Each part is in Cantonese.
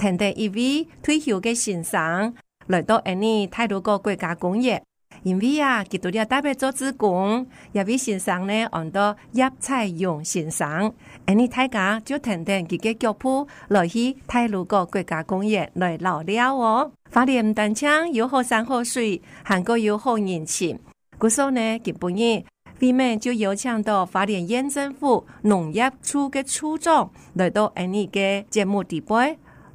停定一位退休嘅先生來到尼太魯閣國家公園，因為啊，佢度了代表做主管。一位先生呢，按到葉彩榮先生，呢大家就停停佢個腳步，來去太魯閣國家公園來留料哦。花蓮單廠有好山好水，韓國有好人情，故所呢，佢本日未免就邀請到花蓮縣政府農業處嘅處長來到尼個節目直播。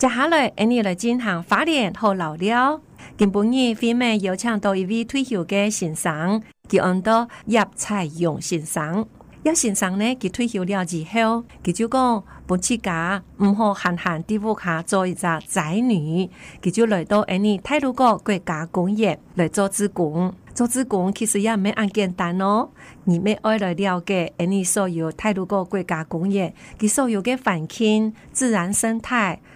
接下來，我哋來進行化驗和留料。原本而前面有請到一位退休嘅先生，叫安多葉財榮先生。葉先生呢，佢退休了之後，佢就講唔似家唔好閒閒地屋下做一隻宅女，佢就來到我哋太魯閣國家公園來做主管。做主管其實也唔係咁簡單哦，你們要來了解我哋所有太魯閣國家公園，佢所有嘅環境、自然生態。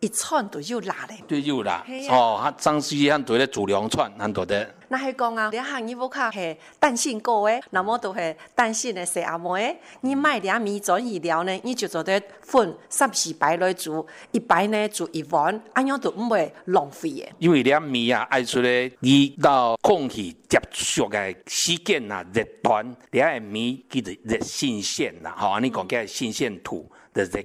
一串都又辣嘞，對又辣。啊、哦，哈，江西向對咧煮兩串，難得、啊、的。那還講啊，你啊，你不要嘿擔心過誒，那麼都是擔心嘞，誰阿妹？你買兩米轉一了呢，你就做滴粉，三四擺來煮，一擺呢煮一碗，安樣都唔會浪費誒。因為兩米啊，愛出來遇到空氣接觸嘅時間呐、啊，熱短，兩米叫做新鮮呐，好、哦，你講嘅新鮮土，就熱。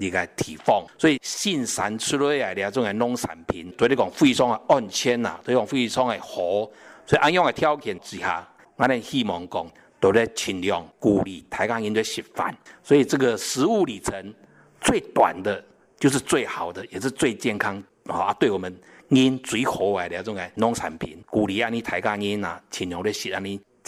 離開提方，所以新鮮出來啊，那種嘅農產品，所以講非常嘅安全呐，所以講非常嘅好。所以安樣嘅條件之下，俺哋希望講都咧盡量鼓勵台灣人去食飯。所以這個食物里程最短的，就是最好的，也是最健康、哦、啊！對我們煙、水果啊，那種嘅農產品，鼓勵安尼台灣人呐、啊，盡量咧食安尼。